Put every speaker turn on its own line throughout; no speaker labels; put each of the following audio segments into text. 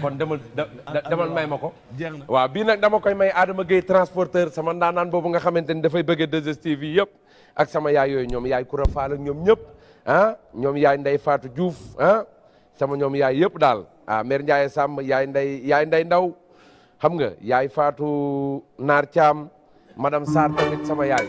kon demal demal may ma ko. waaw bii nag dama koy may Adama Gueye transporteur sama ndaanaan boobu nga xamante ni dafay bëgg a 2STV yëpp ak sama yaay yooyu ñoom yaay Koura Fall ñoom ñëpp ah ñoom yaay Ndey Fatou Diouf ah, sama ñoom yaay yëpp daal ah mère Ndiaye Samb yaay Ndey yaay Ndey Ndaw xam nga yaay faatu Naar Thiam madame Sarr tamit sama yaay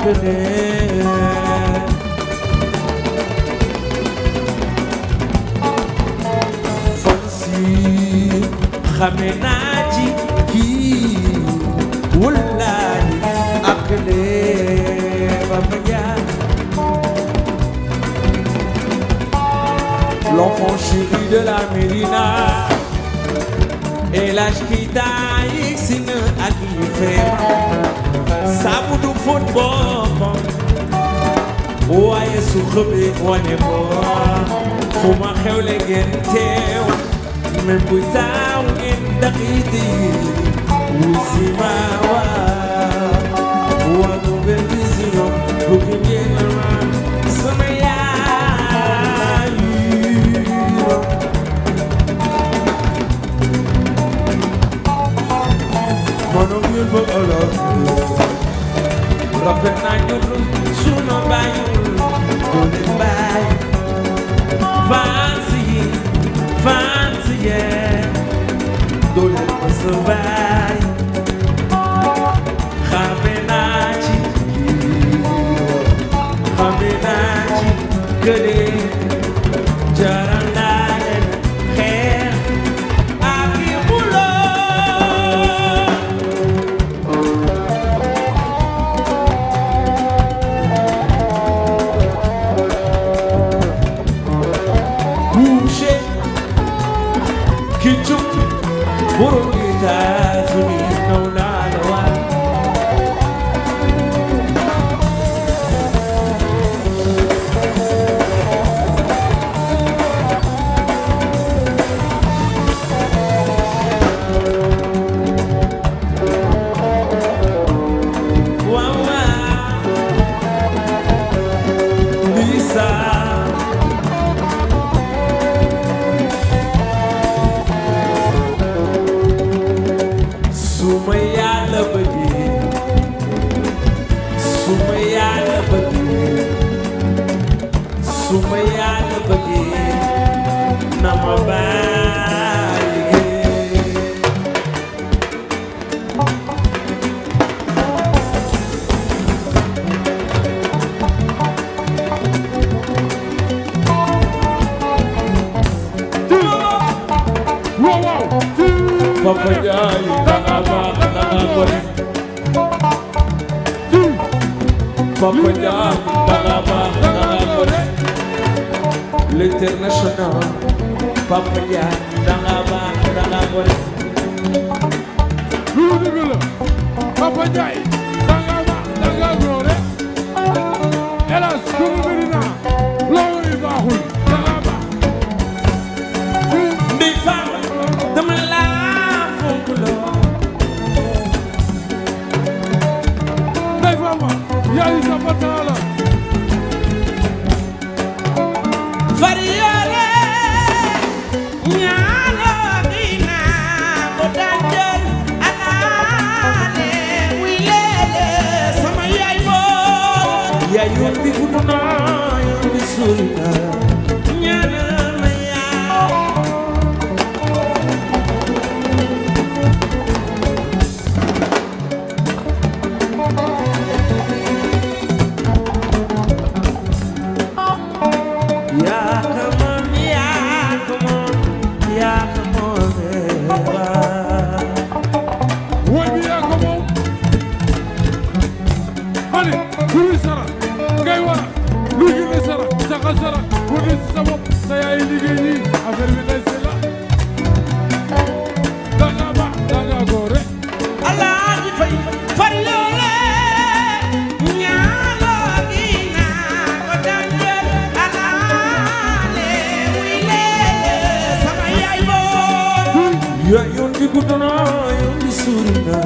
kene xame naa ci kii wallaahi ak lee ba ma jaar l'enfant chéri de la Médina El Hadj Keita yegsi na ak yi feem fóot boppam waaye su xëbee wane ko fu ma xewle ngeen teew même bu taaw ngeen daqiiti wu si ma waa waa nouvelle vision bëgg ngeen ma sama yaay Mon oncle veut alors rafet na juddu sunu bayul ko ne bay fancy fancy yeah do le Burun kita suni nau yàlla bëggee su ma yàlla bëggee su ma yàlla bëggee na ma bàyyi
Papa Jai, Papa danga gore
papa Ndiaye danga baax danga gore l'international papa Ndiaye danga baax danga
gore lu dëgg la papa Ndiaye danga baax danga gore hélas doomu Medina loolu baaxul yaay sabatala fariyare ñaalo dina ko danjal
alaale wi leele sama yaay boo yaay yóbbi ku dunaa yoon sultaan
bi gudd na yow li suuri na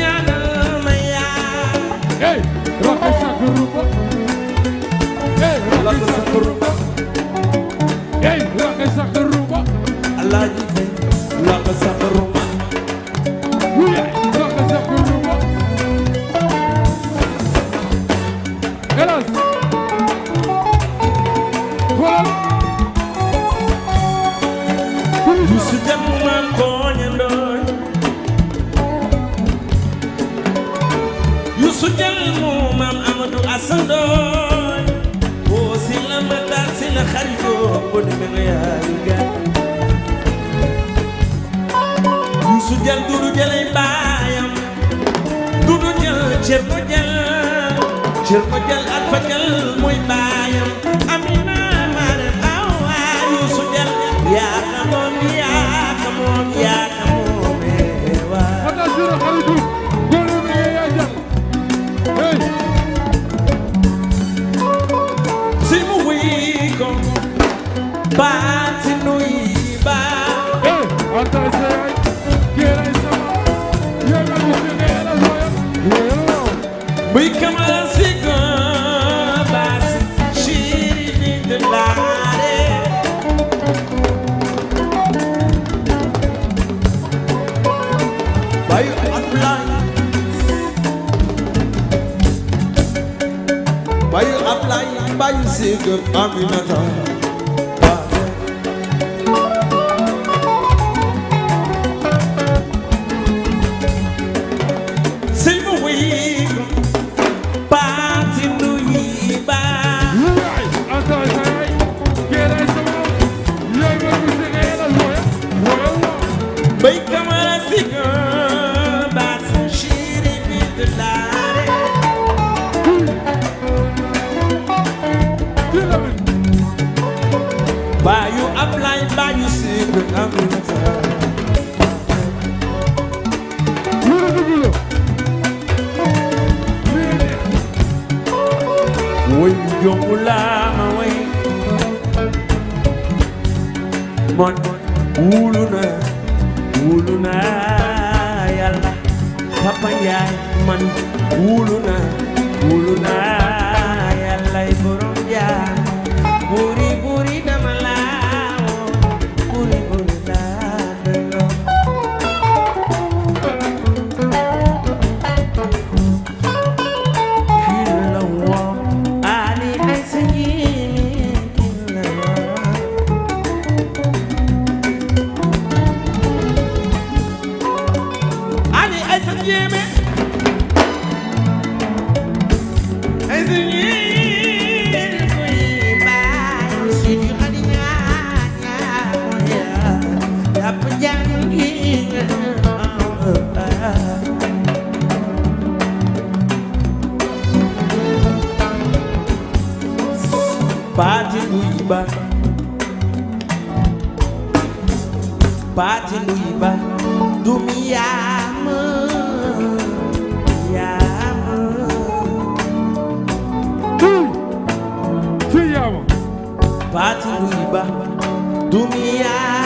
ñaanal ma yaa hey rokke sa kuruba hey rokke sa kuruba hey rokke sa kuruba
su jël mu maam Amadou Assandooy woo si la ma daal la xaritoo boo demee nga yaay gàll. su jël dudu jëlay baayam dudu jël cër ko jël cër ko jël ak fa muy baayam Amina Mare awa yu su jël yaa ka moom yaa Bayu Ablaye, Bayu Sigurd, Aminata. I buy you secret ambiance.
When you lama way,
man, uluna, uluna, yalla, papa yai, man, uluna, uluna. ba baati luy ba dum yaa ma yaa ma baati luy ba dum yaa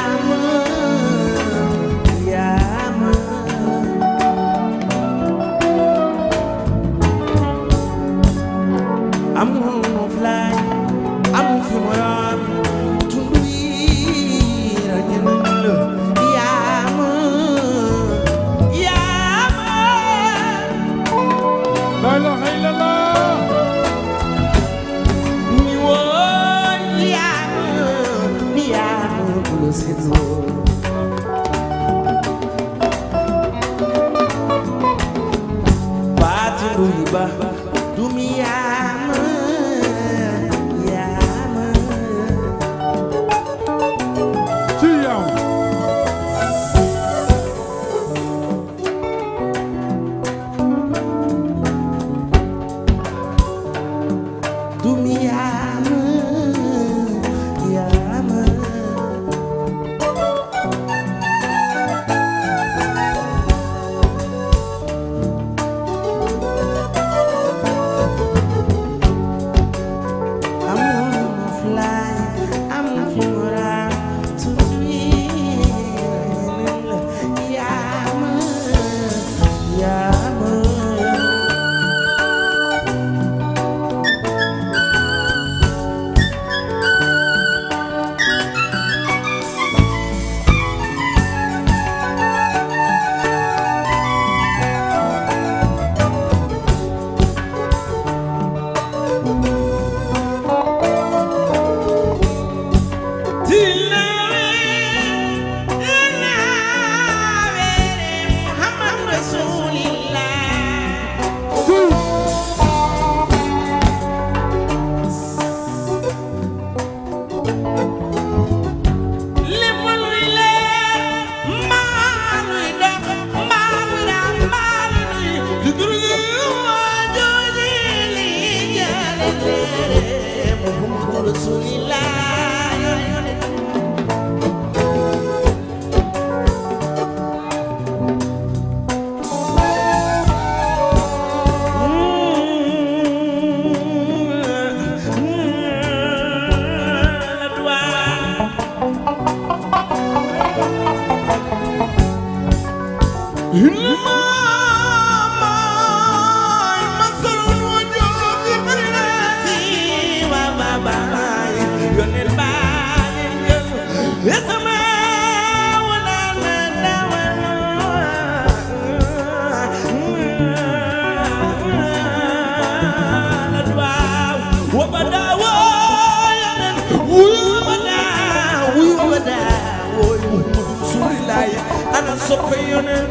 soppe yoneen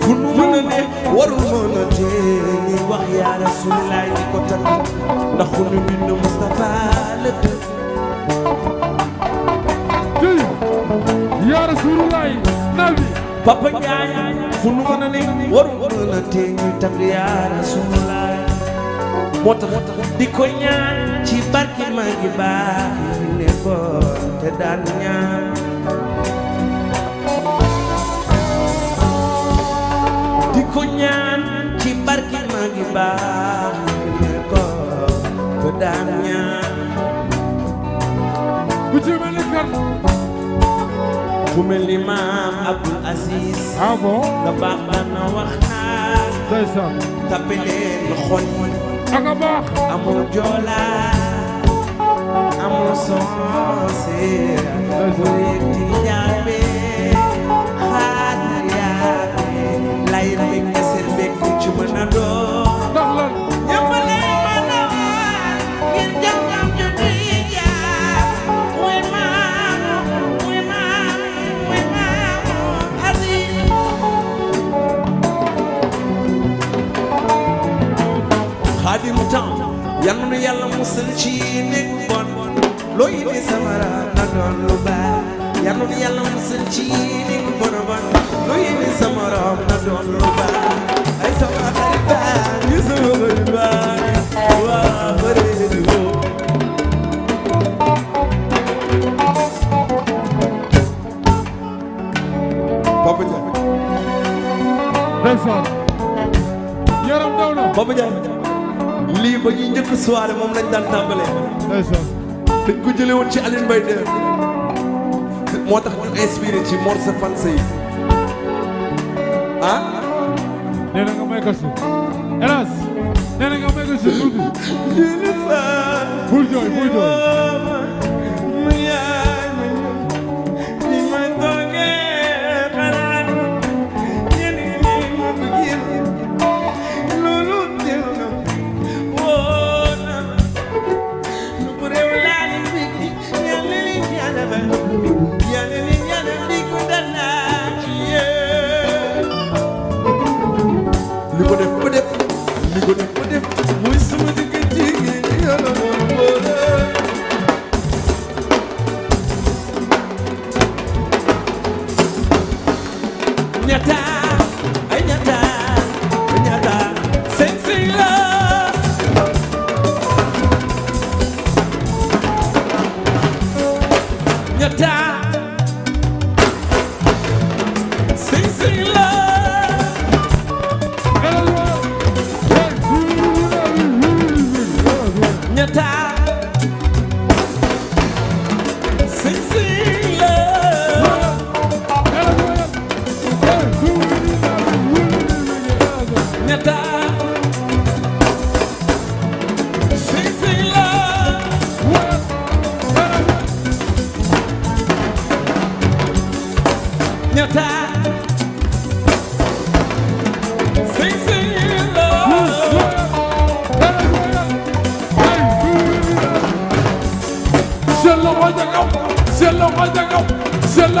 fu nu a ne warul mën a teeni wax yaa rasulilaay di ko takk ndax xunu bind Mustafa la yaa rasulilaay nabi papa Njaay fu nu a ne warul mën a teeni yaa rasulilaay moo tax di ko ñaan ci barke maa ngi baax ne ko te daan ñaan baax ne ko ku daan ku ci mel ni kan ku mel ni maam Abdul Aziz ah baax baax na wax naa ndeysaan tappe leen xol yi ak a baax amul joolaa amul soose amul musal ci loo indi safara na na yàlla musal ci nit loo indi safara na doon lañ daan tàmbalee. dañ ko jëlee woon ci Aline Mbaye de moo tax ñu inspiré ci Mor sa fan yi
ah. nee na nga may ko si nee na nga may ko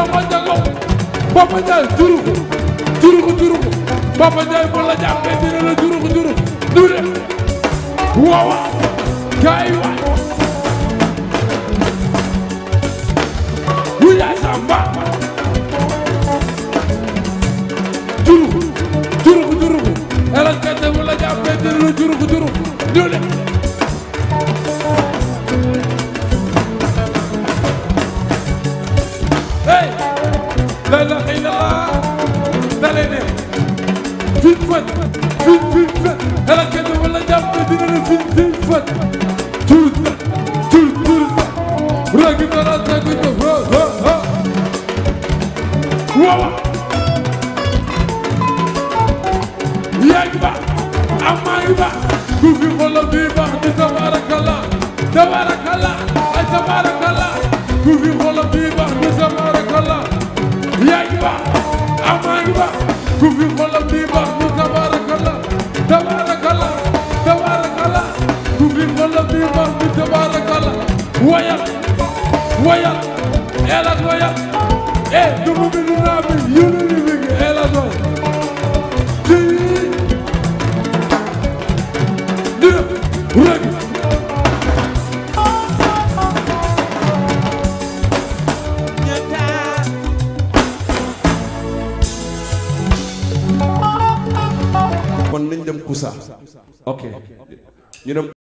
la wàññeeku ko Papa Ndiaye juru ko juru ko juru ko Papa Ndiaye bu la jàppee dina la juru ko juru du de waaw gars yi waay wu yaay samba juru ko juru ko juru ko El Hadj Kante bu la jàppee dina la juru ko juru du de ne fin fan fin fin fan alakade wala jàpp ne dina ne fin fin fan cuut na cuut cuut na rogi naraat na ko jox ho ho ho waaw yaa ngi baax amaa ngi baax ku fi xolam bi baax di tabarakallah tabarakallah ay tabarakallah ku fi xolam bi baax di tabarakallah yaa ngi baax Amady Ba ku fi xolam di baax ñu tabaarakalla tabaarakalla tabaarakalla ku fi xolam di baax ñu tabaarakalla wayal wayal ñu dem